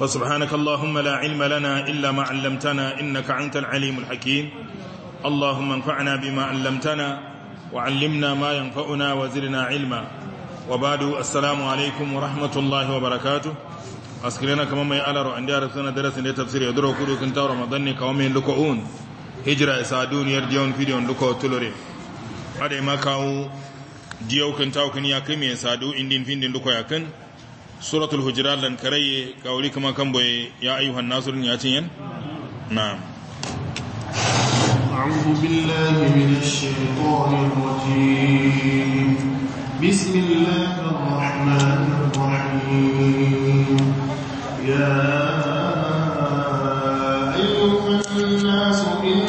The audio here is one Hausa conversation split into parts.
فسبحانك اللهم لا علم لنا إلا ما علمتنا إنك أنت العليم الحكيم اللهم انفعنا بما علمتنا وعلمنا ما ينفعنا وزرنا علما وبعد السلام عليكم ورحمة الله وبركاته أسكرنا كما ما يألر عند أرسلنا درس لتفسير يدرو كله كنت رمضان كومين لكعون هجرة إسادون يرديون فيديون لكو تلوري هذا ما كاو ديو كنتاو كنيا كمي إسادو إندين فيندين لكو يكن suratul hujurat lan karaye kawuri kuma kan boye ya ayyuhan nasrun ya cin yan na'am أعوذ بالله من الشيطان الرجيم بسم الله الرحمن الرحيم يا أيها الناس إن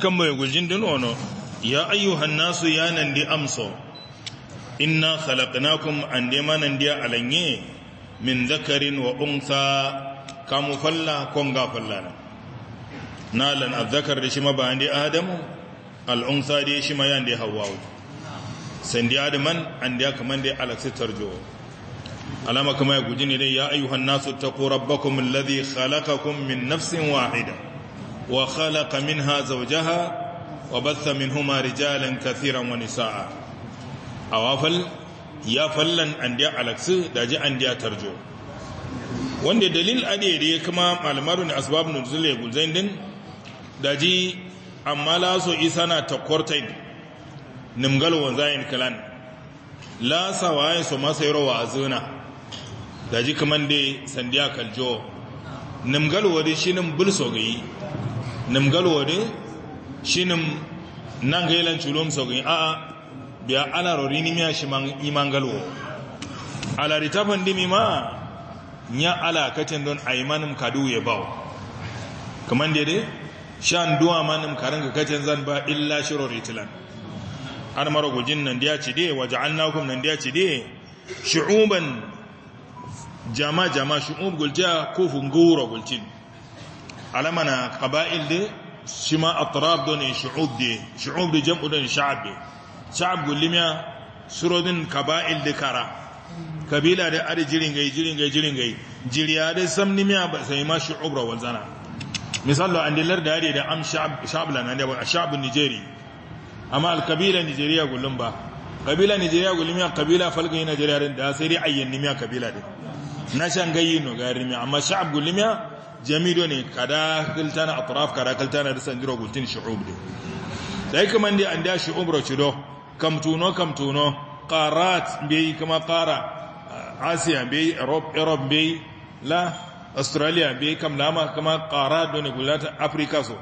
kambe gujin ono ya ayyuhan nasu ya nan di amso inna khalaqnakum an di manan di alanye min zakarin wa unsa kamu falla kon ga falla na nalan azzakar da shi ma ba an adamu al unsa di shi ma ya an di hawwawu san di adaman an di kaman di alaksitar jowo alama kama ya guji ne dai ya ayyuhan nasu taqu rabbakum alladhi khalaqakum min nafsin wahida Wa kala kamin ha wa basamin humari jialin kafiran wani sa'a. Awa fal, ya fal lan andewa alaksa, daji andeya tarjo. Wanda dalilin adaye da kuma almarar asubar nutu da ya gulzain din? Daji, amma la so isa na takkawar ta yi. Numgal wanzayin kɗalan. La sawa ya yi so ma sai ro wa'azuna. Daji kumande ya yi sandi shi ne bilson gari. nimgal wode shinim nan gailan culum sogin a biya ala rori ni miya shi imangal wo ala ritafan dimi ma nya ala kacin don a aimanim kadu ya bawo kaman dede shan duwa manim karin kacin zan ba illa shiro ritilan an mara gujin nan da ya ci dai waje an nakon nan da ya ci dai shi'uban jama-jama shi'ub gulja kofin gura gulcin alama na qaba'il de shima atrab don shu'ub de shu'ub de jam'u don sha'ab de sha'ab gulmiya surodin qaba'il de kara kabila da ari jirin gai jirin gai jirin gai jiriya da samni miya ba sai ma shu'ub ra walzana misallo an dillar da ari da am sha'ab sha'ab lan ne ba sha'ab nijeri amma al kabila nijeriya gulum ba kabila nijeriya gulmiya kabila falgai nijeriya da sai dai ayyan miya kabila de na shan gayi no garin miya amma sha'ab gulmiya jamido ne kada kiltana atraf kada kiltana da sanjiro gultin shu'ub de sai kuma an da shu'ub ro chido kam tuno kam tuno qarat be kuma qara asiya be europe europe bi la australia bi kam lama kuma qara ne gulata africa so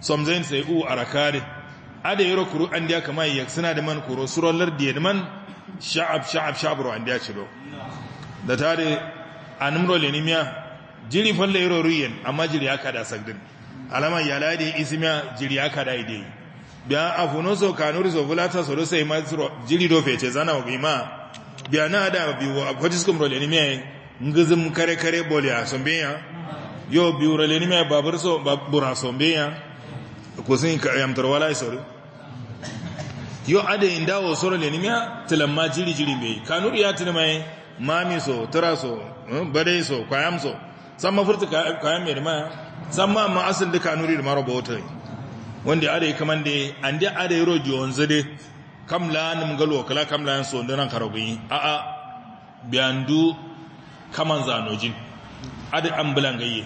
somzen sai u arakare. ada yero kuru da kama yak suna da man kuro surallar da man sha'ab sha'ab sha'ab ro anda chido da tare anumro miya. jiri falle yoro ruyen amma jiri aka da sagdin alama yala da ismiya jiri aka da idai biya a so kanuri so vulata so do sai mazro jiri do fece zana wa bima biya na da biyu a kum role ni me ngizum kare kare bolya so biya yo biwo role ni me babur so babura so biya ko sin ka yam tarwala e so yo ade indawo so role ni me tilamma jiri jiri be kanuri ya tilmai mami so tara so eh, bade so kwayam so san mafurta kayan mai rima san ma amma asin duka nuri da mara bauta wanda ya yi kamar da an da ada yi roji wanzu dai kamla na mungalo kala kamla yan sonda nan karobin a a biyandu kaman zanojin an bulan gaye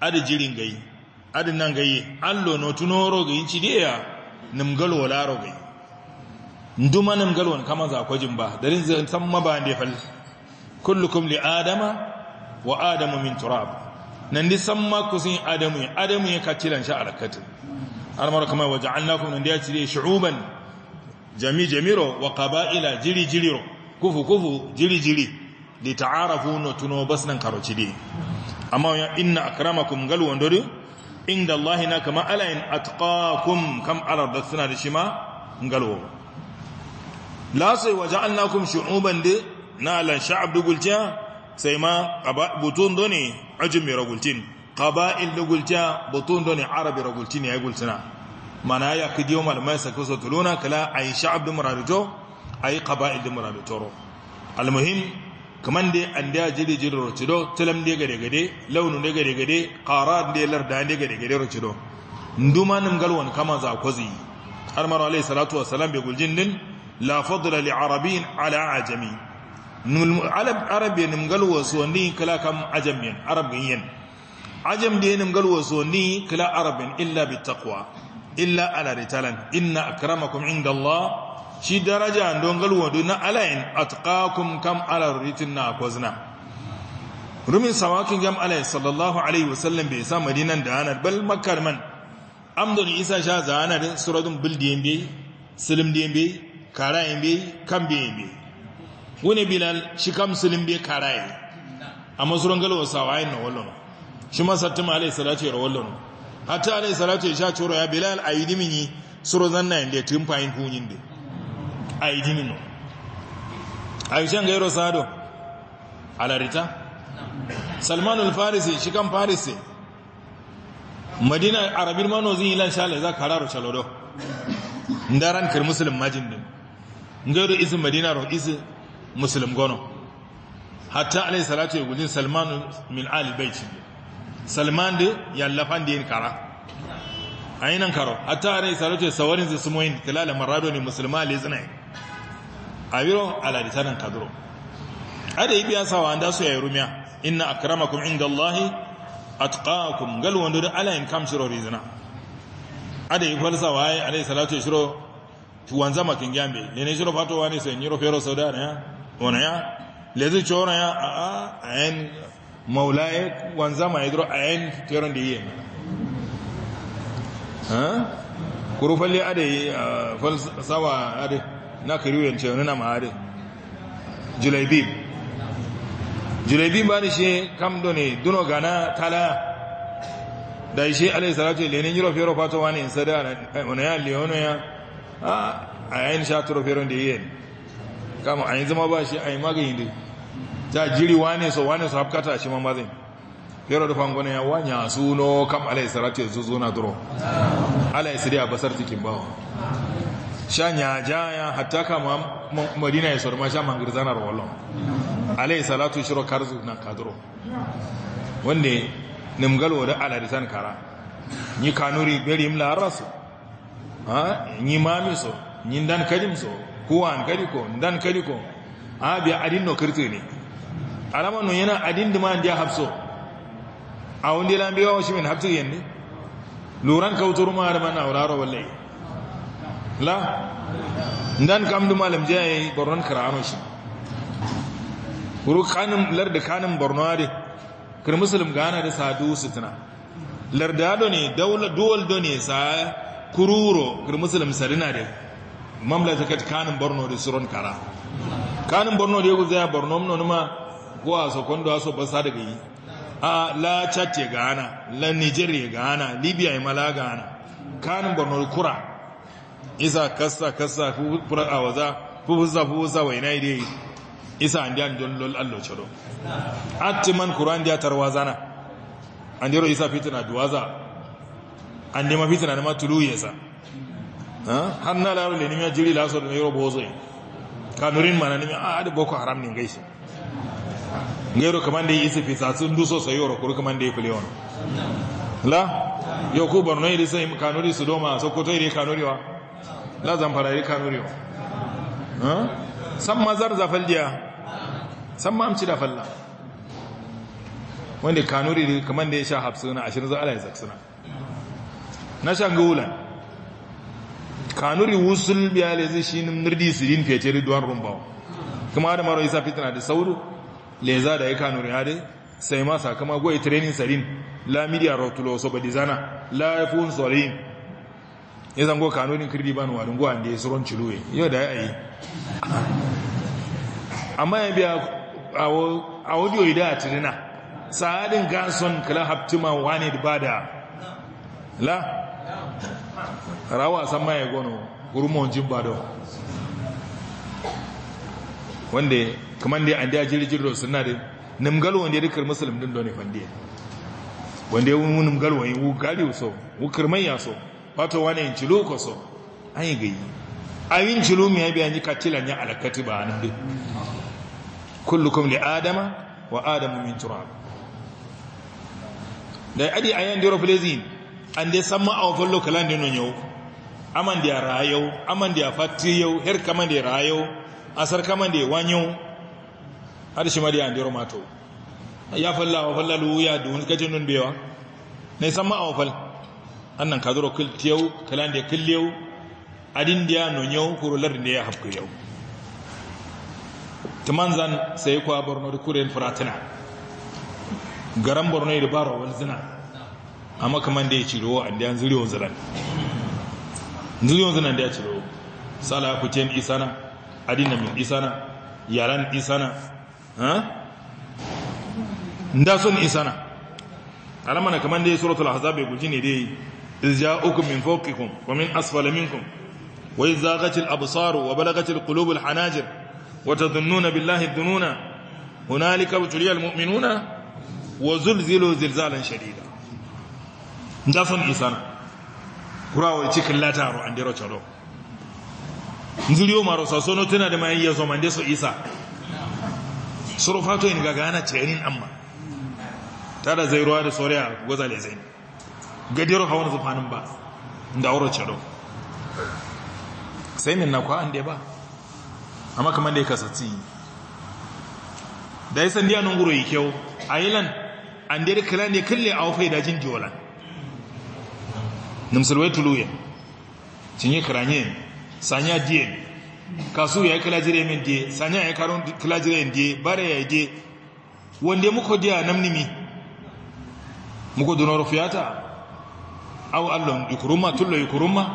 ada jirin gaye ada nan gaye an lono tuno rogayi ci diya nimgalo wala rogayi nduma nimgalo wani kaman zakwajin ba darin zan san ba da fal kullukum li adama wa adamu min turab nan di san ma ku sin adamu ya adamu ya katilan sha alakatu almar kama wa ja'alnakum nan da ya cire shu'uban jami jamiro wa qaba'ila jiri jiriro kufu kufu jiri jiri li ta'arafu no tuno basnan karoci di amma ya inna akramakum galu wandori inda Allah na kama alayin atqakum kam arar da suna da shi ma galu la sai wa ja'alnakum shu'uban de na lan sha'ab dugulciya sai ma butun doni ajimi ragultin qaba'il da gulta butun doni arabi ragultin ya gultuna. mana ya yau malamai sa kusa tuluna kala a yi sha'ab da murarito yi qaba'il da muraritoro almuhim kaman dai an da jiri jiri rocido tilam dai gade gade launu dai gade gade qara dai larda dai gade gade rocido nduma nim galwan kama za kwazi har mara alai salatu wasalam bai gulgin din la fadla li arabin ala ajami nul arab arab yenum gal waso ni kala kam ajam yen arab yen ajam de yenum gal waso ni kala arab illa bit taqwa illa ala ritalan inna akramakum inda allah shi daraja don gal wado na alain atqakum kam ala ritina kozna rumin sawakin gam alai sallallahu alaihi wasallam bai sa madinan da anar bal makkar man amdon isa sha zanar suradun bildiyen bai silim diyen bai karayen bai kan bai bai Wani bilal shi kam bai kara karaye a masurin galo sawa yin na wallon shi ma sattima alai salatu ya wallon hatta alai salatu ya sha coro ya bilal ayi dimini suro zanna inde tun fayin kunyin yi ayi a yi shan gairo sado alarita salman al-farisi shi kan farisi madina arabin mano zin ilan shalai za kararu shalodo ndaran kar musulun majin din gairo isin madina ro isin muslim gono hatta alayhi salatu yugudin salman min ali baiti salman de yallafan de kara ayinan karo hatta alayhi salatu sawarin zu sumoyin tilala marado ne muslima le zina awiro ala ditanan kadro ada ibiya sawa anda su yayi rumiya inna akramakum indallahi atqakum gal wando da ala in kam shiro rizna ada yi falsawa ayi alayhi salatu shiro tuwanzama kingambe ne ne shiro fatowa ne sai nyiro fero sauda ne onaya lezi cho ya a a ayen maulaye wanzama idro ayen teron da yiye ha kuru falle ade falsawa ade na kiriyen ce nuna ma julaibib julaibib ba ni shi kamdo ne duno gana tala da shi alai salatu lenin yiro fero fato wani sada onaya leonoya a ayen sha turo feron da yiye kama a yanzu ma ba shi a yi magani dai ta jiri wane so wane su hafkata shi ma mazin Fero da fangonan ya wanya suno kam alai sarati yanzu zuna duro alai dai a basar cikin bawa shanya jaya hatta kama madina ya sarma sha mangirzanar wallon alai salatu shiro karzu na kaduro wanda nimgalo da alarisan kara ni kanuri berim la rasu ha ni mami so ni dan kajim so kuwan kariko dan kariko a ah, biya adin no kirti ne alama no yana adin da man dia hafso a wanda la biya wa shi min hafti yanni luran kautur ma da man auraro wallahi la dan kam du malam je yayi bornon karano shi wuru kanin lar da kanin borno kir muslim gana da sadu sitna lardado ne dawla duwal do ne sa kururo kir muslim sarina da mamlakakat kanin borno da suron kara kanin borno da ya ya borno mno nima ko a sokondo a sobar basa daga yi a la chad ya gana la niger ya gana libya ya mala gana kanin borno da kura isa kasa kasa fura a waza fufusa fufusa wa ina idai isa an diyan don lol allo chado atiman kuran diya tarwazana an dero isa fitina duwaza an nema fitina na matulu yasa hanna lawle ni mi jiri la da ni robo yi kanurin mana ni a adi ah, boko haram ne gaishe ngero kamande yise fisa sun duso kuri kamar kuru kamande fili wani la ku borno yi sai kanuri su doma sokoto yi kanuri wa la zamfara yi kanuri wa san mazar zafal jiya san ma amci da falla wanda kanuri kamar da ya sha hafsuna ashirin za Allah ya zaksuna na shangula kanuri wusul biya le zai shi nirdi sirin fece riduwan rumbawa kuma da maro isa fitna da sauro le za da ya kanuri hade sai ma sakama goyi training sirin la media rotulo so ba dizana la fun sorin ya zango kanurin kirdi ba nuwa dungu an da ya suron ciluwe yau da ya yi amma ya biya a audio ida a tirina sa'adin ganson kala haptima wane da da la rawa a san maye gono gurmon jimbado wanda kamar da an da jirgin da suna da nimgalo wanda ya rikar musulun din doni fandiya wanda ya wani nimgalo wani gari so kirman ya so wato wani yin cilo ko so an yi gayi a yin cilo mai biya ni katilan ya alakati ba nan dai kullukum li adama wa adamu min turab da adi ayan diroflezin an dai san ma'awafin lokalan dinon yau Aman amandia rayo amandia fatiyo her ya rayo asar kama ya wanyo har shi mari andiro mato ya falla wa falla lu ya dun kajin nun bewa ne san ma awfal annan ka da ya kalande yau adin da nun nonyo kurular da ya hafku yau zan sai kwa borno da kuren furatina garan borno da baro wani zina amma kaman da ya ciro an da yan zuri wani zinan nzuri wanzu nan da ya ciro sala ku ce isana adina min isana yaran isana ha nda sun isana alama na kaman dai suratul ahzab guji ne dai uku min fawqikum wa min asfala minkum Wai izaghatil absaru wa balagatil qulubul hanajir wa tadhunnuna billahi dhununa hunalika butuliyal mu'minuna wa zulzilu zilzalan shadida nda sun isana kurawar cikin lataro an dero charo nzuriyo maro sasono tana da mayayya zo mande so isa surufato in gaga ana cerin amma tada ruwa da soriya goza le zai gadiro hawan zufanin ba da wuro charo sai min na kwa an ba amma kamar da ya kasatsi da ya sandiya nan guro yi kyau a yi lan an dere kila ne kalle a wafai dajin diyolan nimsirwe tuluye cinye kiranye sanya diye kasu ya yi kilajire min diye sanya ya karun kilajire jire diye bare ya diye wanda muko diya namnimi muko dunoro fiyata au allon yukuruma tullo yukuruma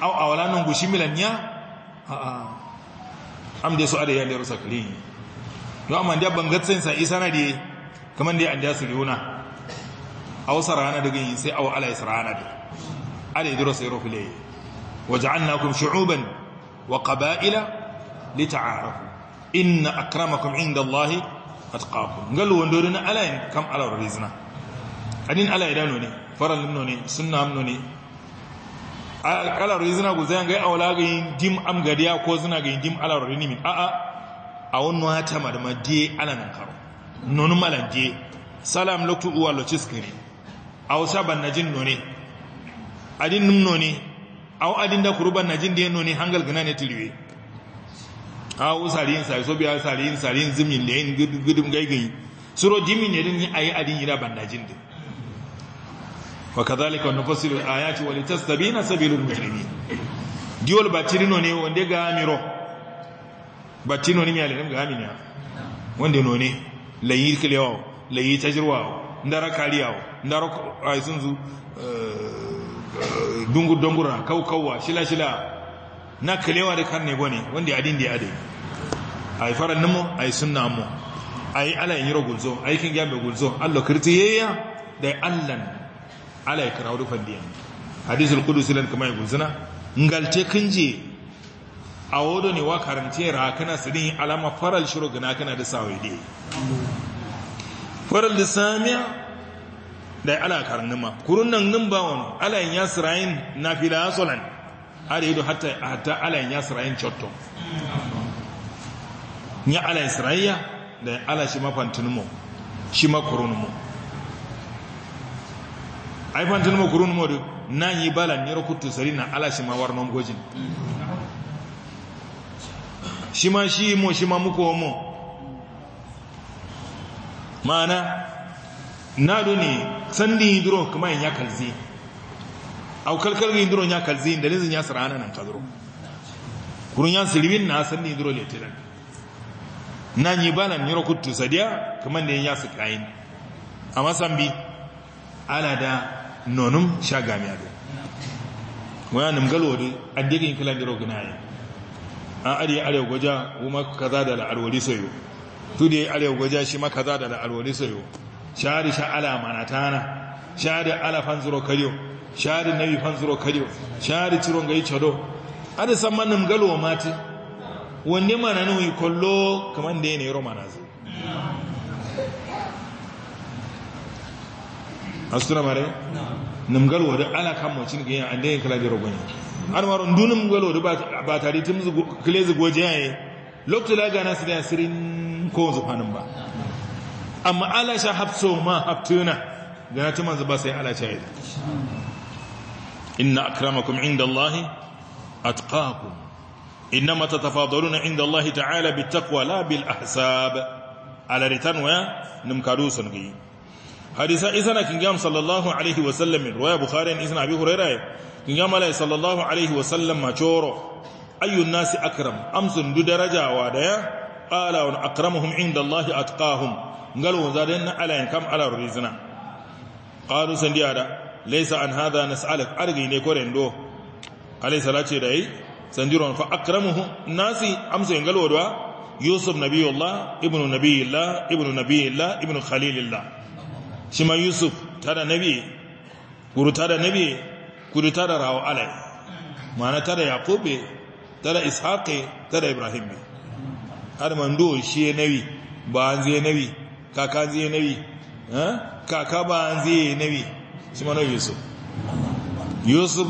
aw awalanon gushi milanya a'a am da su ada ya da rusa ne, yau amma da bangatsin sa isa na da kamar da an da su riuna wasu sarana daga yin sai awa ala israna daga ya idrusu yarufu ilayhi waj'alnakum shu'uban wa qaba'ila lita'arafu inna akramakum 'inda Allahi atqakum ngal wondorina alayn kam ala rizna adin ala idanu ne faral nuno ne sunna amnu ne ala rizna go zanga ya awlaga dim am gadiya ko zuna ga dim ala rini min a a a wonno hata madama die ala nan karo nonu malan die salam lokku uwallo chiskiri aw saban najin nuno adin numno ne aw adin da kurban na jin yano ne hangal gana ne tilwe aw sariyin sai so biya sariyin sariyin zimin ne in gudum gaigayi suro jimi ne din ayi adin ira banda jin din wa kadhalika nufassilu al-ayati wa litastabina sabilul mujrimin diol batirino ne wonde ga amiro batino ni mi ale ga amina wonde no ne layi kilewa layi tajirwa ndara kariya ndara aisunzu eh, Dungu dongura kau kawwa shila shila na kalewa da karni gwani wanda adin da ya adai ai faran a yi suna mu yi ala yin ro a yi kin ga me gunzo allo kirti yayya da allan ala ya rufan diyan hadisul kudu silan kuma yi gunzuna ngalce kinje a wodo ne wa karance ra kana sidin alama faral shuru gana kana da sawaidi faral da samiya da ala karnuma kurun nan ba wani ala yin yasirayin na fila ya solan a da hatta hatta ala yin yasirayin cotto ya ala yasirayya da ala shi mafantinmu shi makurunmu ai fantinmu kurunmu da na yi balan ya rukutu sari na ala shi mawar nan gojin shi ma shi mo shi ma muku homo ma'ana Na ne sandi hidro kuma ya kalzi au kalkal hidro ya kalzi da lizin ya sarana nan kadro kurun ya silibin na sandi hidro le tilan na ni bana ni ro kuttu sadiya kuma ne ya sakain amma sambi ala da nonum shagami ado waya nim galwodi addigin kala diro gunaye an ari arewa gwaja kuma kaza da alwali sayo tudi arewa gwaja shi ma kaza da alwali sayo shari sha ala manatana shari ala fanzuro kariyo shari nabi fanzuro kariyo shari ciron gai chado san samman galo mati wanne mana nui kollo kaman da ne mana zai asuna mare namgal da ala kan mocin ga yan an yan kala jiro gwani an waron dunum gal da ba tare tim kile goje yayi lokta la gana su da sirin ko zu fanin ba amma alasha hapso ma haptuna gana ta manzaba sai alasha yi inna akramakum inda Allahi atqakum inna mata tafadaruna inda Allahi ta'ala bi taqwa la bil ahsab ala ritanwa numkaru sun gayi hadisa isana kin gam sallallahu alaihi wa sallam riwaya bukhari isna abi hurayra kin gam sallallahu alaihi wa sallam ma ayyun nasi akram amsun du daraja wa daya qala wa akramuhum inda allahi atqahum ngalo zaden na alayan kam ala rizna qalu san diya da laysa an hadha nas'alak argi ne ko rendo alai salati da yi sandiron fa akramuhum nasi amsa ngalo da yusuf nabiyullah ibnu nabiyillah ibnu nabiyillah ibnu khalilillah shi ma yusuf tada nabi guru tada nabi guru tada rawo alai mana tada yaqube tada ishaqe tada ibrahim har mando shi ya nawi ba an zai nawi kaka zai nawi kaka ba an zai nawi shi mana yusuf yusuf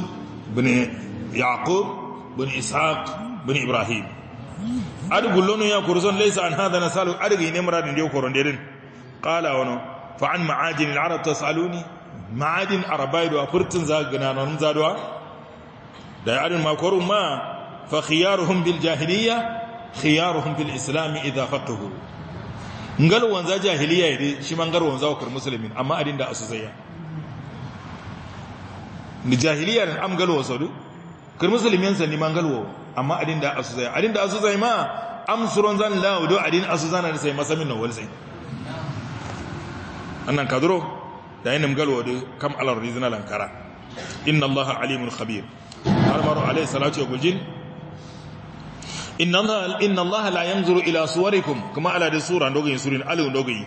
bin yaqub bin ishaq bin ibrahim adugu lono ya kurson laysa an hada nasalu adugu ne muradin da koron dedin qala wano fa an ma'ajin al-arab tasaluni ma'adin arabai da furtin zagananan zaduwa da yarin makorun ma fa khiyaruhum bil jahiliya khiyaruhum fil islam idha fatahu ngal wanza jahiliya ne shi man gar wanza wakar muslimin amma adin da asu zaya ni jahiliya ne am galwa sadu kar muslimin san ni man galwa amma adin da asu zaya adin da asu zai ma am suron zan lawo do adin asu zana da sai masamin nan wal sai annan kadro da yin galwa do kam alar rizna lankara inna allaha alimul khabir har maro alayhi salatu wa guljin inna allaha la yanzuru ila suwarikum kuma ala da sura ndogo surin alu dogayi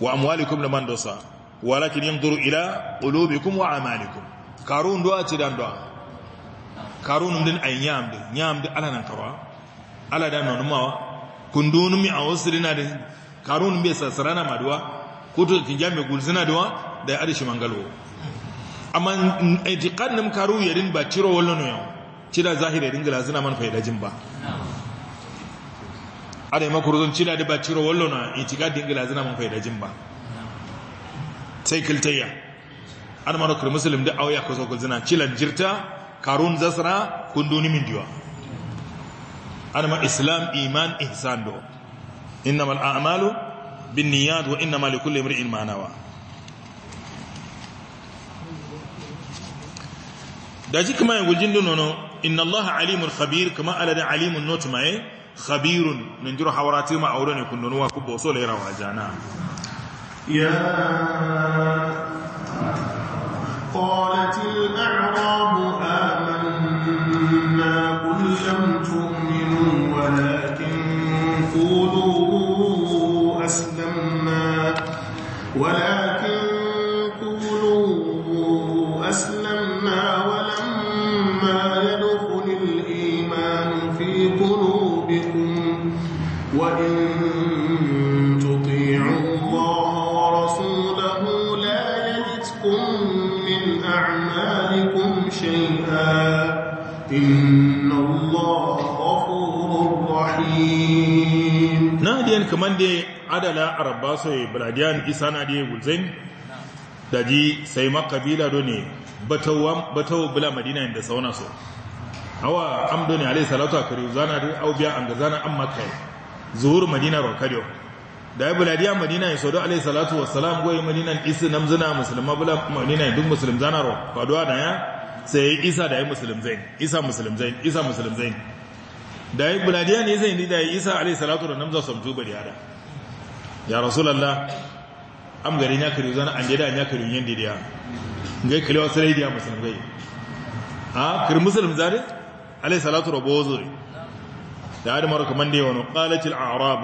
wa amwalikum da mandosa walakin yanzuru ila qulubikum wa amalikum karun do ci dan do karun din ay nyamde nyamde ala nan karwa ala da non mawa kundunu mi awsirina de karun be sasarana maduwa kutu kinjame gulzina duwa da adishi mangalo amma itiqadnum karu yarin ba ciro wallo no yau cida zahire dingila zina man faida jin ba ada yi makurzun cida da ba ciro wallo na itika dingila zina man faida jin ba sai kiltayya an mara kar musulun da auya ka zokul zina cilan jirta karun zasra kunduni min diwa an ma islam iman ihsan do innama al'amalu bin niyyat wa innama likulli imri'in ma nawa da jikma yangul gujin nono إن الله عليم خبير كما قال ده عليم النوت إيه خبير من جرو حوراتي ما أوراني يكون نوا كبو وصول إيرا وعجانا يا قالت الأعراب آمنا قل لم تؤمنوا ولكن قولوا kamande adala arabaso yi baladiyan isana die gulzain daji sai makabila do ne batau bula madina inda sauna so awa amdo ne alayhi salatu akari zana da aubiya an zana an makai zuhur madina rokadiyo da ya buladiya madina ya sodo alayhi salatu wassalam goyi madina isi zina musulma bula madina duk musulm zana ro faduwa da ya sai isa da ya musulm zain isa musulm isa musulm da yi buladiya ne zai nida da isa alai salatu da namza samtu bari hada ya rasulallah am gari ya kari zana an jada ya kari yin didiya ngai kalewa sarai diya musulun gai a kir musulun zari alai salatu da bozo da hada mara kaman da wani qalatil a'rab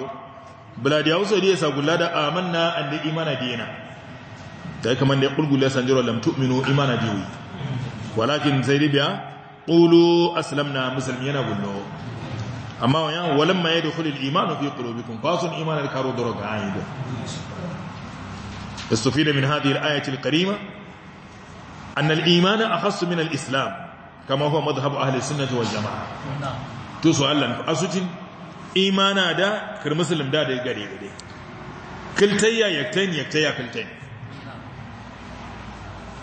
buladiya wasu da ya sa gulla da amanna an da imana dina da ya kamar da kulgulla sanjiro lam tu'minu imana diwi walakin sai ribiya qulu aslamna musulmi yana gullo amma wayan walamma ya dukhul al-iman fi qulubikum qasun iman al-karu daraja ayda istufida min hadhihi al-ayah al-karima an al-iman akhas min al-islam kama huwa madhhab ahli jamaa to su'alan asujin imana da kar muslim da da gare gare kiltayya yaktayn yaktayya kiltayn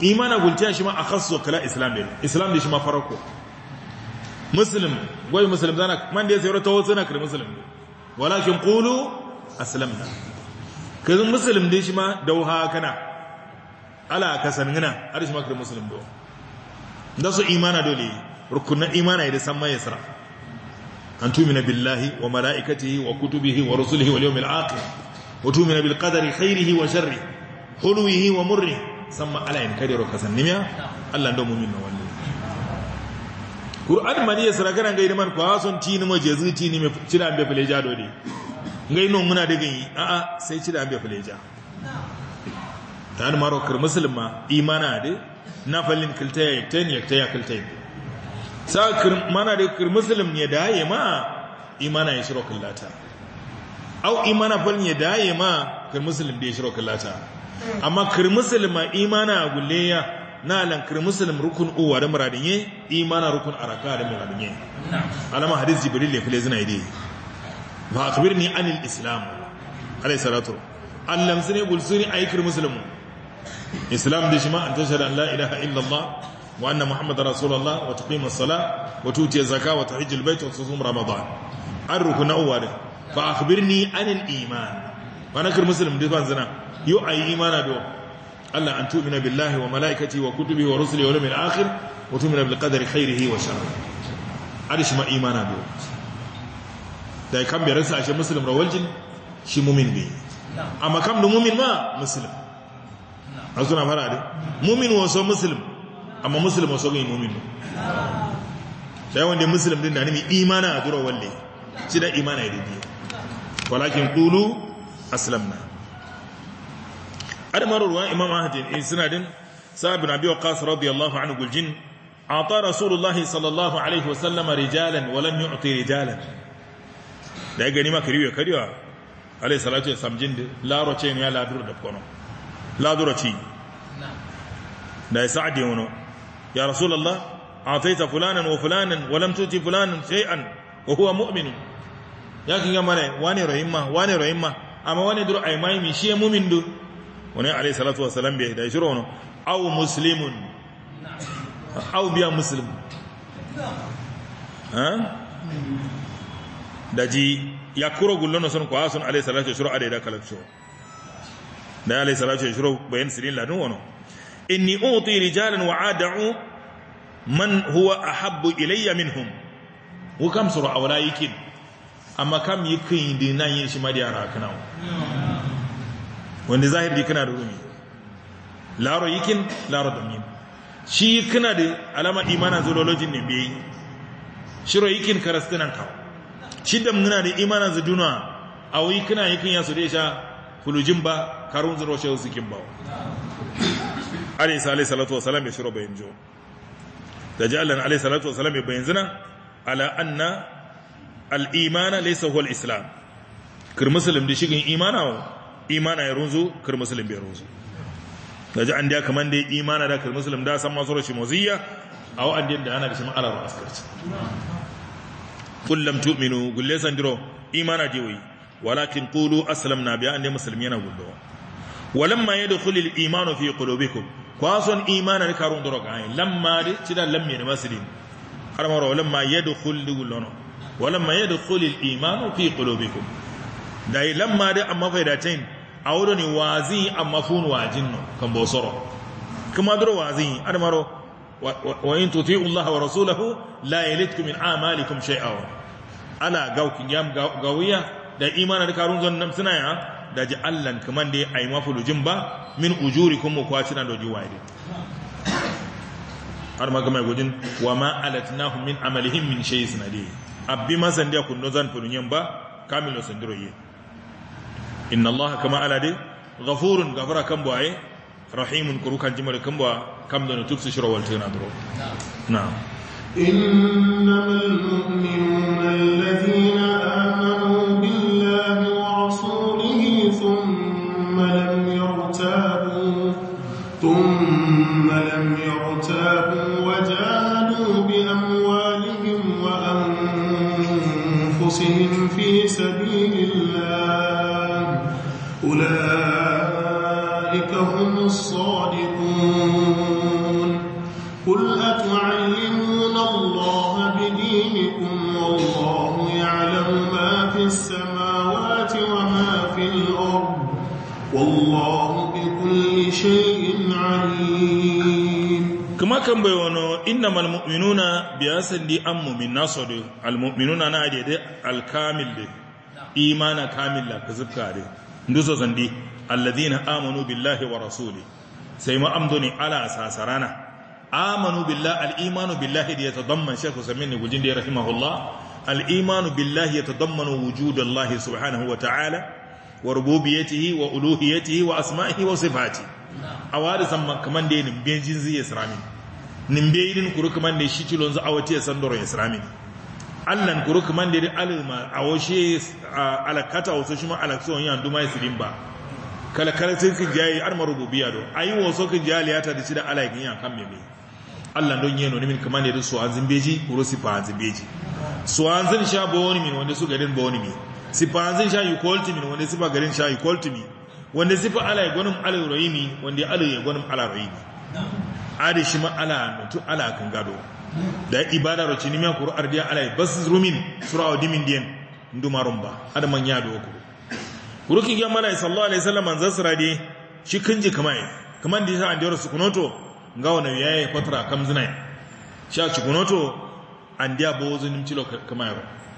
imana gultiya shi ma kala islam islam ne shi ma muslim goyi muslim zana man da ya sayar ta wasu na kar muslim walakin qulu aslamna kazin muslim dai shi ma dauha kana ala kasan ngana arish makar muslim do da su imana dole rukunan imana ya da san mai sara. an tumina billahi wa malaikatihi wa kutubihi wa rusulihi wal yawmil akhir wa tumina bil qadari khairihi wa sharrihi hulwihi wa murrihi samma ala in kadiro kasan nimiya Allah ndo mu'min na wallahi qur'an mani ya sarakana ga man kwa son tini mo jezu tini mai cida ambe fileja do de ngai non muna daga yi a a sai cida ambe fileja ta hannu marokar musulma imana da na fallin kilta ya yakta ya yakta ya kilta sa mana da kir musulm ya da ma imana ya shiro kallata au imana fallin ya daye ma kir musulm da ya shiro kallata amma kir musulma imana gulle ya na lankar musulun rukun uwa da muradin imana rukun araka da muradin ye alama hadis jibril lefile zina ide ba a ni anil islam alai salatu allam sune bulsuri aikir muslimu islam da shi ma an tashhadu an la ilaha illallah wa anna muhammadar rasulallah, wa tuqima as-sala wa tuti zaka wa tahijju al-bayt wa tusum ramadan ar rukun uwa da fa akhbirni anil iman wa nakir musulun da ban zina a yi imana do Allah an tu'mina billahi wa malaikati wa kutubi wa rusuli wa yawmil akhir wa tu'mina bil qadari khairihi wa ma imana da kan bi shi muslim rawaljin shi mu'min bi amma kam da mu'min ma muslim azuna fara dai mu'min wa so muslim amma muslim wa so ga mu'min sai wanda muslim din da ni imana a duro walle shi da imana ya dide walakin qulu aslamna adamar ruwan imam ahadin in sinadin sa'ab bin abi waqas radiyallahu anhu guljin ata rasulullah sallallahu alaihi wasallam rijalan wa lam yu'ti rijalan da ya gani ma kariwa kariwa alai salatu ya samjin da laro ne ya ladura da kono ladura da ya sa'adi wano ya rasulullah fulanan wa fulanan wa lam tuti fulanan shay'an wa huwa mu'min yakin ga mana wani rahimma wani rahimma amma wani duru ai mai mi shi mu'min du wani alayhi salatu wasalam bai da shiro no aw muslimun aw biya muslim ha daji ya kuro gullono son ko asun alayhi salatu shiro ade da kalafsho da alayhi salatu shiro bayan sirin ladun wono inni uti rijalan wa ad'u man huwa ahabbu ilayya minhum hukam sura awla yikin amma kam yikin dinan yin shi madiyara kanawo wanda zahiri kana da rumi laro yikin laro domin shi kana da alama imana zoologin ne bai shiro yikin karastinan ka shi da muna da imana zuduna a wai kana yikin ya da isha kulujin ba karun zuro shi zikin ba alayhi salatu salam ya shiro bayan jo da jalan alayhi salatu wasallam ya bayan zina ala anna al-imana laysa huwa al-islam kir muslim da shigin imana imana ya runzu kar musulun bai runzu da ji an da kaman da imana da kar musulun da san masu rashin moziyya a wa'adin da ana da shi ma'alar askarci kullum tu'minu gulle sandiro imana je wai walakin qulu aslamna bi an da musulmi yana gullo walamma ya yadkhulul imanu fi qulubikum kwason imana ne karun doro kan lamma de cida lamme ne muslim har maro walamma yadkhul gullono walamma yadkhulul imanu fi da yi lamma da amma faidatain awdo ni wazi amma fun wajinno kan bosoro kuma dro wazi admaro wa in tuti Allah wa rasulahu la yalitkum min a'malikum shay'aw Ana gawkin yam gawiya da imana da karun zan nam suna ya da ji Allah kuma dai ai mafulujin ba min ujurikum ko acina do jiwaide har ma gama gudun wa ma alatnahu min amalihim min shay'in sanadi abbi masan dia kunno zan funun yamba kamilo yi. inna allaha kama alade ghafurun gafara kan buwaye rahimun kurukan jimar kan buwa kam da nutub su shiro walta yana duro na kuma kan bai wano innamal mu'minuna bi asli an mu'min nasadu al almuminuna na ade de al kamil de imana kamil la ka zakare nduso zandi alladhina amanu billahi wa rasuli sai ma amduni ala sasarana amanu billahi billahi da yatadamman gujin da rahimahullah subhanahu wa ta'ala wa rububiyyatihi wa uluhiyyatihi wa asma'ihi wa a da yanin benjin ya sirami nimbe kuru kuruk mande shi cilon za awati sandoro islami allan kuruk mande da alma awoshi alakata wasu shi ma alakson yan duma isilin ba kala kala sai ki jayi arma biya do ayi wasu ki liyata da shi da alaikin yan kan meme allan don yeno ne min kamande da su an zimbeji kuru sifa an zimbeji su an zin sha bawoni min wanda su garin bawoni min sifa an zin sha yi kolti min wanda sifa garin sha yi kolti min wanda sifa ala ya gwanin ala wanda ala hari shi ma'ala ala ala kan gado da ibada ro chini mai kuru ardia ala bas rumin sura wa dimin ndu nduma rumba ada man ya do kuru kuru ki gamma lai sallallahu alaihi wasallam an zasra di shi kinji kamar kamar di an diyar su kunoto ngawo na yaye fatra kamzina sha ci kunoto an diya bozun cilo kamai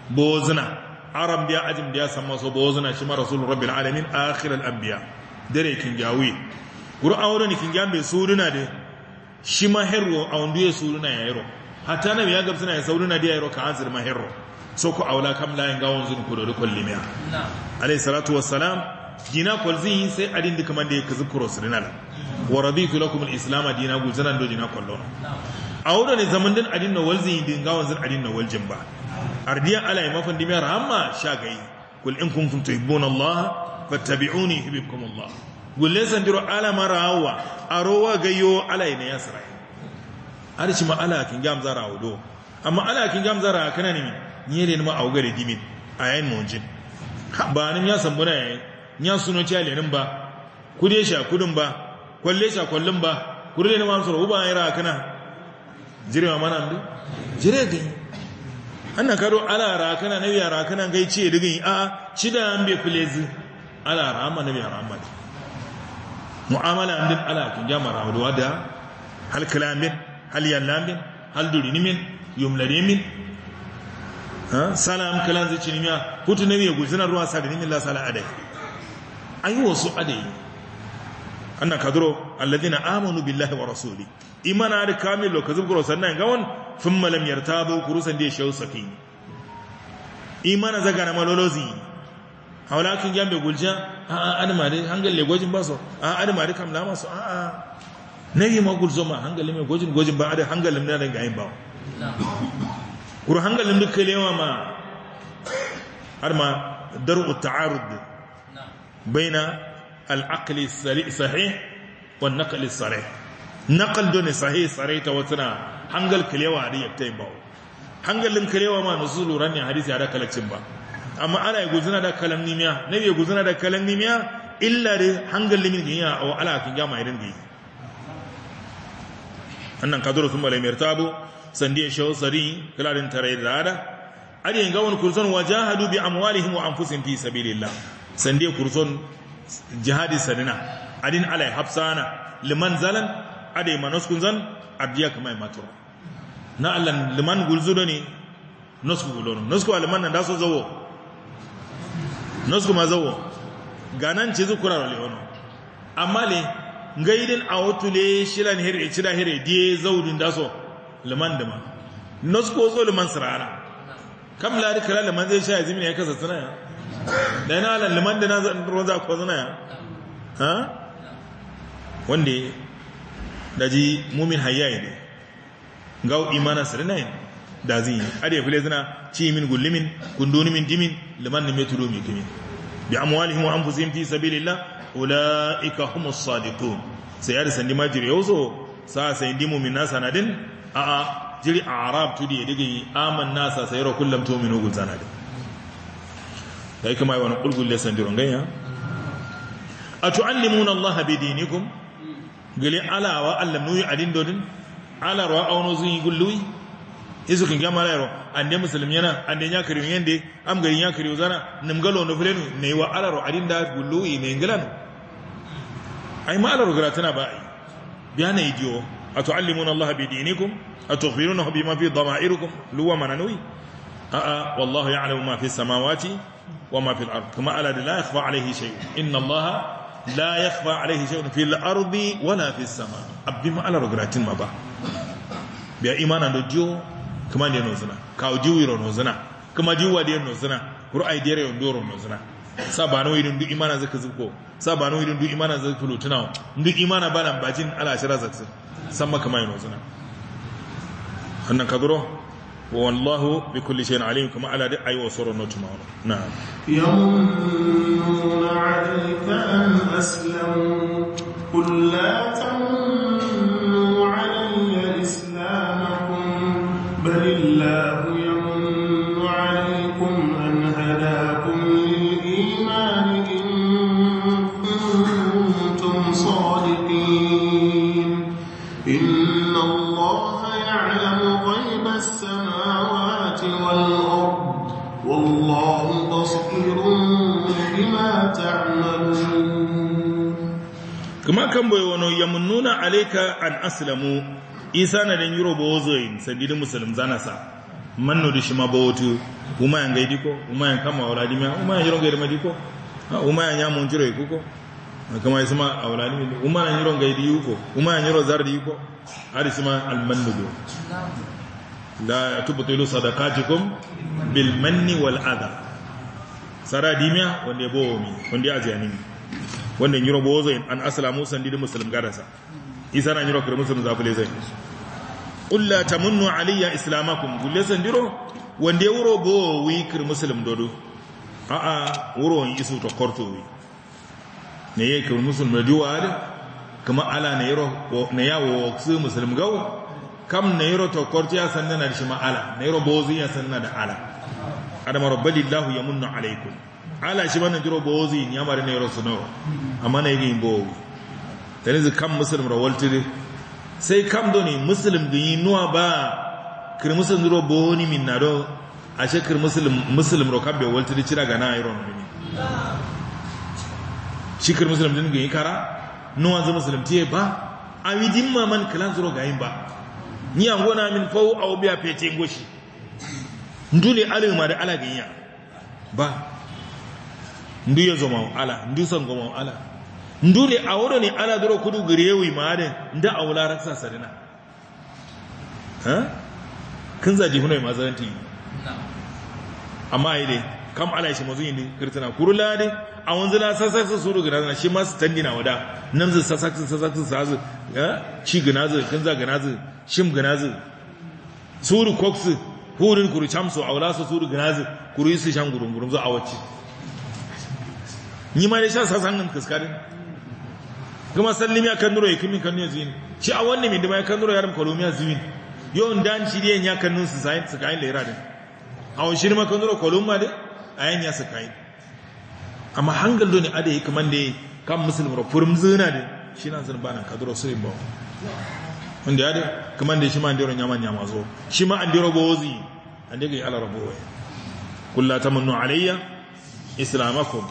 bozuna aram biya ajim biya samma so bozuna shi ma rasulun rabbil alamin akhir al anbiya dare kin Kuru qur'an wani kin jambe suruna de shi maherro a wanda ya suru na yayro hatta na ya gamsu na ya sauru na diyayro ka azir maherro so ku aula kam layin gawon zun ku dori miya alayhi salatu wassalam gina kwalzi sai adin duka man da ya kazu cross rinal wa Rabi lakum al-islam dina zanan do gina kwallon a wurin ne zaman din adin na walzi din gawon zun adin na waljin ba ardiya alai mafan dimiyar hamma sha gayi. kul in kuntum tuhibbuna allah fattabi'uni yuhibbukum allah gulle sandiro ala marawa rowa gayo ala ne yasra shi ma ala kin gamza rawdo amma ala kin gamza ra kana ne nyere ne ma awgare dimin ayan monjin ba nan ya san yayin ya suno ci alenin ba kude sha kudin ba kwalle sha kwallin ba kurle ne ma amsar uba ayira kana jire ma mana ndu jire gai annan karo ala ra kana nabi ra kana gai ce digin a cida an be filezi ala ra ma nabi ra mu'amala ndin ala ki jamara wa da hal kalamin hal yallamin hal durinimin yumlanimin ha salam kalan zai cinimiya kutu ne ya gulsuna ruwa sa dinin nimin la sala adai ayi wasu adai annan kadro alladhina amanu billahi wa rasuli imana da kamil lokazin kuro sannan ga won thumma lam yartabu kurusan da shau safi imana zaga na malolozi hawlakin jambe gulja a an mari hangal le gojin ba so a an mari kam lama so a a nayi ma gulzo ma hangal me gojin gojin ba ada hangal na da gayin ba ur hangal mun duka lewa ma har ma daru ta'arud baina al-aql as-sahih wa an-naql as-sarih naql dun sahih sarih ta wutana hangal kalewa da yaktai ba hangalin kalewa ma nuzulu ran ne hadisi ada kalacin ba amma ala yi guzuna da kalan nimiya na yi guzuna da kalan nimiya illa da hangal limin ga ya wa ala kan gama irin da yi annan kaduru sun bala mirtabu sandiyan shawsari kalarin tarayi da ada adiyan gawon kurson wajahadu bi amwalihim wa fusin fi sabilillah sandiyan kurson jihadi sanina adin alai hafsana liman zalan adai manaskun zan adiya kamar matro na allan liman gulzudo ne nasku gulonu nasku alman nan da so zawo nosku mazawo ganan ci zukura role ono amma le ngaidin le shilan hiri cida hire die zaudin daso liman dama nosku zo liman sirara kam la kala liman zai sha azimi ya kasa tsana ya da na halar liman da na ruwan za ko zana ya ha wanda daji mumin hayayi ne ga imana sirina ne da zai yi ade fule suna ci min gullimin gunduni min dimin liman nime tudo mai kimi bi amwalihim wa anfusihim fi sabilillah ika humus sadiqun sai yar sandi majiri yauso sa sai dimu min nasa nadin a a jiri arab da ya dige aman nasa sai yi kullam tu min ugun sanadin kama yi wani kulgul da sandi ron ganya atuallimuna allaha dinikum. gili alawa allamnu adin dodin ala ra'awnu yi gulluwi isu kin gyama lairo ande muslim yana ande nya kariyo yende am gari nya kariyo zana nimgalo no fulenu ne wa alaro adinda gullu ne ingilano ai ma alaro tana ba biya biyana idiyo atuallimuna allah bi dinikum atukhbirunahu bima fi dhamairikum luwa mananui a a wallahu ya'lamu ma fi samawati wa ma fi al-ard kama ala la yakhfa alayhi shay'un inna allah la yakhfa alayhi shay'un fi al-ardi wala fi as-sama abima ma gara tin ma ba biya imana do jiyo kuma ne nozuna ka o ro nozuna kuma diwa de nozuna yi de re ndoro nozuna sabano yi du imana zaka zuko sabano yi du imana zaka fulo tunawo du imana bana bajin ala shara zaksa san maka mai nozuna annan kaduro Wallahu بكل شيء عليم كما على دي أيوة صورة نوتما نعم يمنون عليك أن أسلموا قل لا الأرض والله بصير بما تعملون كما كان بيوانو يمنون عليك أن أسلموا isa na da yuro ba zoyin sadidin musulun zana sa manno da shi mabawotu kuma yan gaidi ko kuma yan kama auladi ma kuma yan yiron gaidi ma diko kuma yan ya mun jiro ko kama yi suma auladi ma kuma yan yiron gaidi yuko kuma yan yiron zardi yuko har suma almannu la tubtilu sadaqatikum bil manni wal adha sara dimiya wanda yabo mi wanda Wande wanda yiro bozo an aslamu didi muslim garasa isa na yiro kar muslim zafule zai qul la tamunnu alayya islamakum gulle sandiro wanda wuro bo wi kar muslim dodo a a wuro isu to korto wi ne yake muslim dodo wa kama ala ne yiro ne yawo su muslim gawo kam na yi nayro to ya sanna na shi ma'ala yi robozi ya sanna da ala adama ya munna alaikum ala shi bana jiro bozi na yi nayro suno amma na yi bo ta nizu kam musulun rawaltiri sai kam doni da yi nuwa ba kiri muslim jiro boni min na do a kir muslim muslim ro kabbe waltiri cira ga na iron ni shi kir din ga yi kara nuwa zu tiye ba awidin maman kalan zuro ga yin ba ni na min a obi biya pete goshi ndule ale ma da ala ganya ba ndu yezo ma ala ndu son goma ala ndule aworo ne ala duro kudu gurewi ma da nda wula raksa sarina ha kin zaji hunai ma zanti amma yi dai kam ala shi mazu yin kirtana kurula dai a wanzu na sasaksu su rugu na shi masu tangina wada nan zai sasaksu sasaksu sazu ci gina zai kin za gina zai shim ganazi suru koksu hurin kuru chamsu wula su suru ganazi kuru su shan gurum gurum zo awaci ni ma ne shan sasan nan kaskarin kuma sallimi akan nuro ya kimin kan ne zini shi a wannan min da mai kan nuro yaram kolomiya zini yo ndan shi ya kan nun su sai su kayan lera din a wani ma kan nuro kolomma de ayan ya su kai amma hangal do ne ade kaman da kan musulmi ro furum zina de shi nan zan bana kaduro sai ba wanda ya da kamar da shi ma andero nyama nyama zo shi ma andero bozi andego ya ala rabuwa kullu tamannu alayya islamakum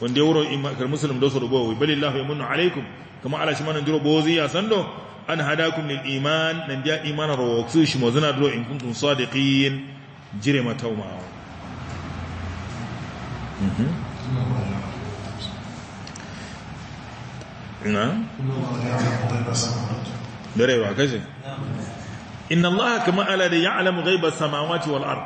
wanda wuro kar muslim do so rubo balillahu yamunnu alaykum kama ala shi ma andero bozi ya sando an hadakum lil iman nan dia imana ro su shi mo zana do in kuntum sadiqin jire matauma نعم darewa kashe inna allaha kama ala da ya'lamu ghaiba samawati wal ard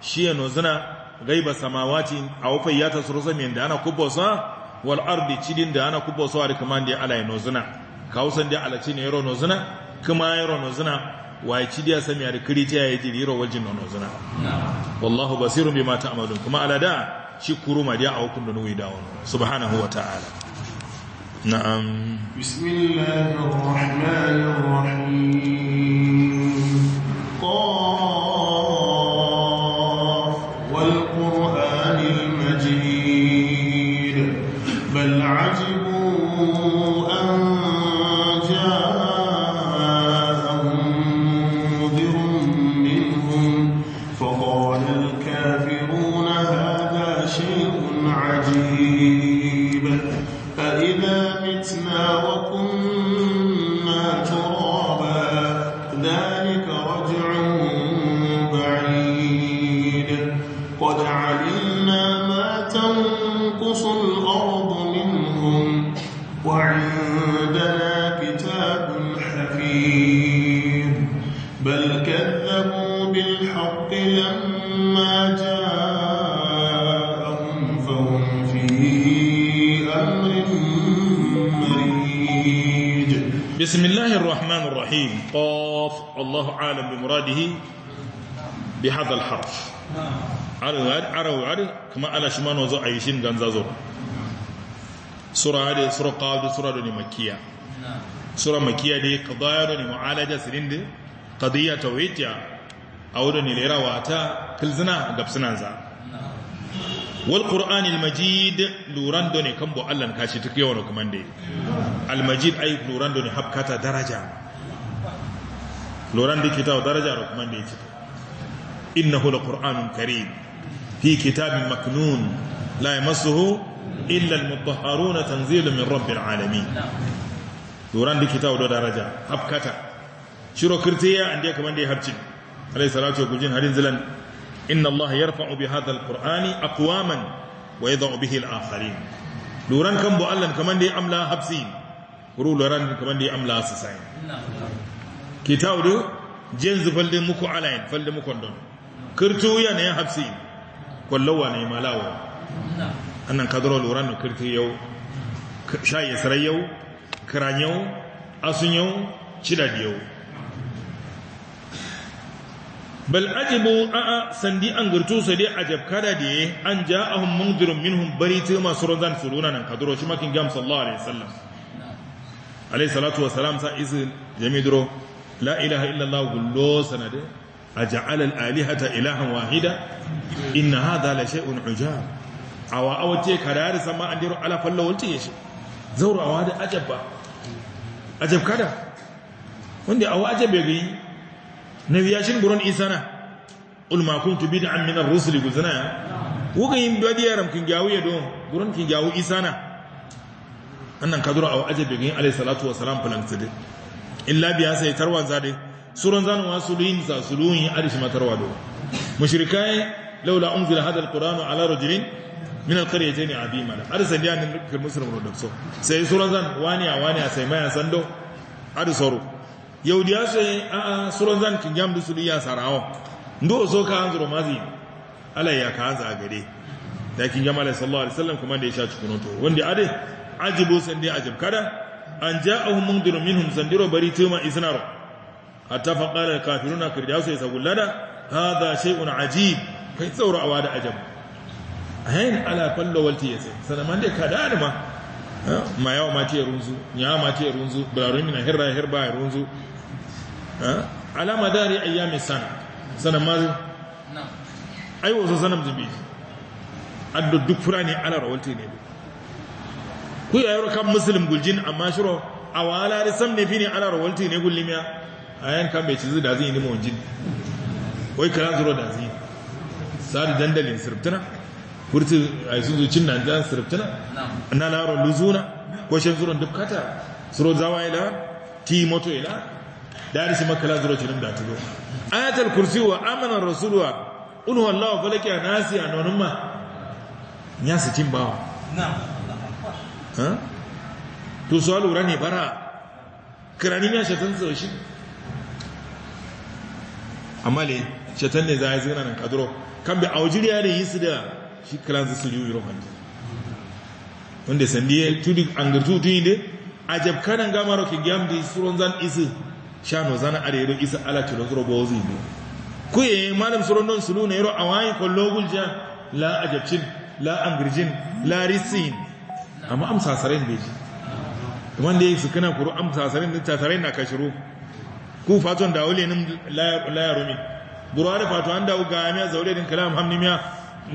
shi ya nozuna ghaiba samawati aw fa ya tasrusa min da ana kubosa wal ard cidin da ana kubosa wa kaman da ala ya nozuna kawusan da ala cin yaro kuma yaro nozuna waye cidiya sami da kiriti ya jiri yaro wajin nozuna wallahu basirun bima ta'malun kuma ala da shi kuruma da aw kun da nuwi dawo subhanahu wa ta'ala نعم بسم الله الرحمن الرحيم الحق لما جاءهم فهم في أمر مريج بسم الله الرحمن الرحيم قاف الله عالم بمراده بهذا الحرف عرو عرو كما على شمان وزو عيشين غنزازو سورة هذه سورة قاف سورة دوني مكية نعم. سورة مكية دي قضايا دوني معالجة سرين دي قضية تويتيا أورني لرواتا كلزنا قبسنانزا والقرآن المجيد لوران دوني كمبو ألان كاشي تكيونو كمان دي المجيد أي لوران دوني حبكاتا درجة لوران دي كتاب درجة ركمان إنه القرآن الكريم في كتاب مكنون لا يمسه إلا المطهرون تنزيل من رب العالمين لوران دي كتاب درجة حبكاتا شروع كرتية عندي كمان دي حبكاتا alayhi salatu wa kujin harin zilan inna Allah yarfa'u bi hadha alqur'ani aqwaman wa yad'u bihi al-akharin luran kan bo Allah kaman dai amla habsi ru luran kaman dai amla sasai kitawdu jenzu falde muku alain falde muku don kirtu ya ne habsi kullawa ne malawa annan kadro luran no kirtu yau shaye sarai yau kiran yau asun bal ajibu a'a sandi an gurtu su dai ajab kada da ya an ja ja'ahum munzirun minhum bari ta masu rozan su runa nan kaduro shi makin gam sallallahu alaihi wasallam alaihi salatu wasalam sa isi jamidro la ilaha illallah gullo sanade aja'ala al-alihata ilahan wahida inna hadha la shay'un ujab awa awace karari sama an diro ala fallo walti yashi zaurawa da ajab ba ajab kada wanda awa ajab ya nabi yashin buron isana ulma kuntu bid'an min ar-rusul guzna wuga yin badiyaram kin gawo ya don buron kin gawo isana annan kadura aw ajabi gin alayhi salatu wa salam falan tade illa biya sai tarwan zade suran zanu wasuluin sa suluin arish matarwa do mushrikai laula unzila hadha al-qur'an ala rajulin min al-qaryatayn abima arsal yan fil muslim rodokso sai suran zan waniya ya wani ya sai maya sando arsoro Yaudiya ase a a suron zan ki jamdu su liya sarawo ndo so ka an zuro mazi ala ya ka za gare da kin jama'a sallallahu alaihi sallam kuma da ya sha cikin to wanda ade ajibu san dai ajib kada an ja'ahum mundiru minhum sandiro bari tuma isnaro hatta fa qala al-kafiruna kirdasu yasagullada hadha shay'un ajib kai tsaurawa da ajab ayin ala kullu walti yasa sanaman dai kada ma ma yawa mati ya runzu yawa mati ya runzu bularun mina hirra ya hirba ya runzu alama dari ayyami sana sanan mazi ai wasu sanan jibi adda duk fura ne ala rawalta ne ku ayyar kan musulun guljin amma shiro da sam ne ne ala rawalta ne gullimiya yan kan bai cizi da zai yi nima jin wai kalan zuro da zai sadu dandalin sirtuna furti a yi zucin nan da sarabtuna na laro luzuna ko shan zuron dukkata suro ila ti moto ila dari sima makala zuro cirin da tuzo ayatul kursi wa amana rasul wa qul a nasi a anonun ma ya su cin bawa na'am ha to so lura ne bara kirani ya shatan tsoro shi amma le shatan ne za a yi zina nan kaduro kan bi aujiriya ne yi su da shikkalanza suluwi rohande onde sandiye tudi angertu tuinde ajab kana ngamaro ke giamdi suronzan isi shano zana rero isa ala tilo zuro bozi ne kuye malam na yaro a awai ko logulja la ajabcin la angirjin la risin amma amsa sarain beji wanda yake sukana kuru amsa sarain da tasarai na kashiru ku faton dawule nin la yarumi burare da fatuwan dawo ga amiya zaure din kalam hamnimiya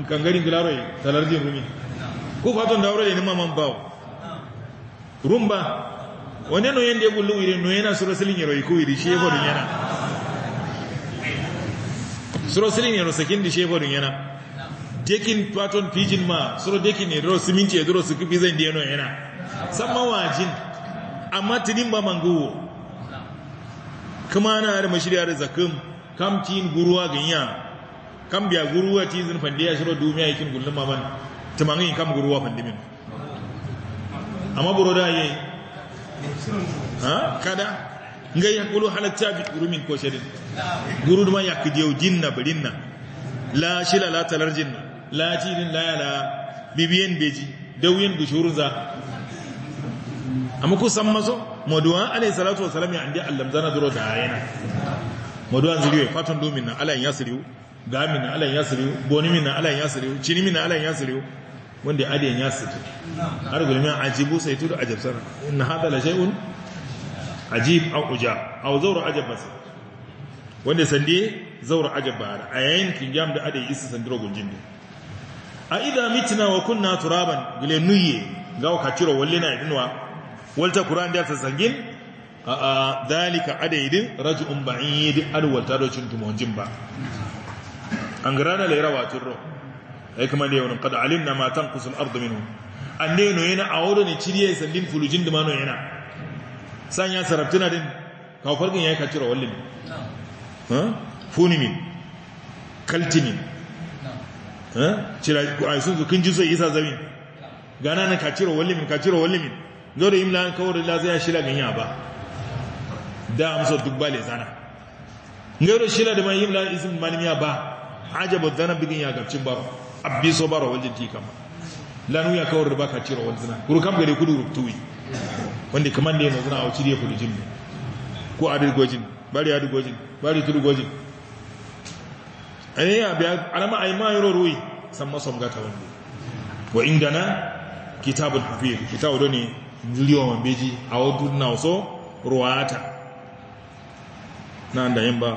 kangarin gilaro ya talardin rumi ko faton da aure ne maman bawo rumba wani no yende bullu wire no yana sura silin yaro ko shi shefo dun yana sura silin yaro sakin shi shefo dun yana dekin faton pijin ma suro dekin ne ro siminti ya duro su kibi zai di yana yana samma wajin amma tidin ba manguwo kuma na mashirya da zakum kamtin guruwa ganyan kam biya guruwa ci zin fande ya shiro dumiya yakin gullun maman tumanin kam guruwa fande min amma buro da yayi ha kada ngai kulu halatta bi gurumin ko shedin guru duma yakidiyo jinna barinna la shila la talar jinna la tirin la yala bibiyen beji dawiyen gushurun za amma san maso maduwa alayhi salatu wasalam ya andi allamzana duro da yana maduwa zuriwe fatan dumin nan alayin ya gami na alayin yasiri boni min na alayin yasiri cini min na alan yasiri wanda ya adiyan yasiri har gulmin ajibu sai tudu ajabsar na hada la shay'un ajib aw uja aw zawra ajab wanda sande zawra ajab ba a yayin kingam da adiyan isa sandiro gunjin a idha mitna wa kunna turaban gule nuye ga ka ciro walle na idinwa walta qur'an da ta sangin a dalika adaidin raj'un ba'id alwalta do cin tumonjin ba angirana le rawa turro ay kuma ne wannan qad alimna ma tanqusul ardu an ne no yana wadda ne yi sandin fulujin da mano yana san ya sarabtuna din ka ya yi kacira wallin funimin kaltimin cira a yi sun su kun sun kin ji sai isa zamin gana na kacira ciro wallin ka ciro wallin zo da yi an kawar da la ya shila ganya ba da amsa duk bale zana ngero shila da mai imla ism malamiya ba ajabu dhanabi din ya gabcin baro abbi so baro waljin tikam lanu ya kawar ba ka tiro wanzuna kuru kam gare kudu rubtuwi wanda kaman ne yanzu na wuce da kudu jin ko adil gojin bari adil gojin bari tudu gojin ai ya biya alama ai ma yoro ruwi san masom gata wanda wa indana kitabul hafiz kitabu doni miliyon wambeji a wadu na so ruwata na da yin ba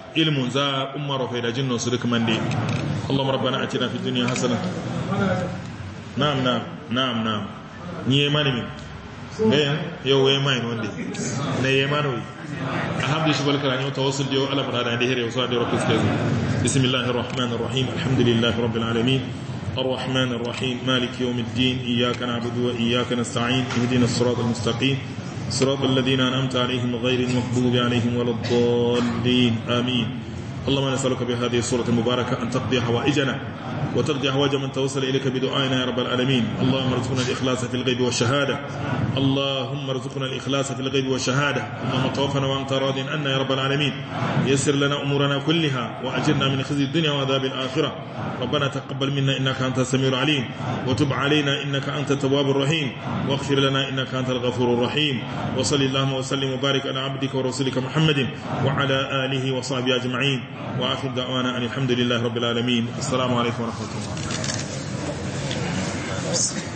ilmun za umma rafe da jinnu su duk mande Allahumma rabbana atina fid dunya hasana na'am na'am na'am na'am ni mani min ne yau wai mai wanda ne ya mano alhamdu shi balkara ne tawassul da yau ala barada da hire wasu da rabbi suka zo bismillahir rahmanir rahim alhamdulillahi rabbil alamin الرحمن الرحيم مالك يوم الدين إياك نعبد وإياك نستعين اهدنا الصراط المستقيم صراط الذين أنعمت عليهم غير المغضوب عليهم ولا الضالين آمين اللهم نسألك بهذه الصورة المباركة أن تقضي حوائجنا وترجع وجه من توصل إليك بدعائنا يا رب العالمين اللهم ارزقنا الإخلاص في الغيب والشهادة اللهم ارزقنا الإخلاص في الغيب والشهادة اللهم توفنا وأنت راض عنا يا رب العالمين يسر لنا أمورنا كلها وأجرنا من خزي الدنيا وعذاب الآخرة ربنا تقبل منا إنك أنت السميع العليم وتب علينا إنك أنت التواب الرحيم واغفر لنا إنك أنت الغفور الرحيم وصل اللهم وسلم وبارك على عبدك ورسولك محمد وعلى آله وصحبه أجمعين وآخر دعوانا أن الحمد لله رب العالمين السلام عليكم ورحمة الله ことは。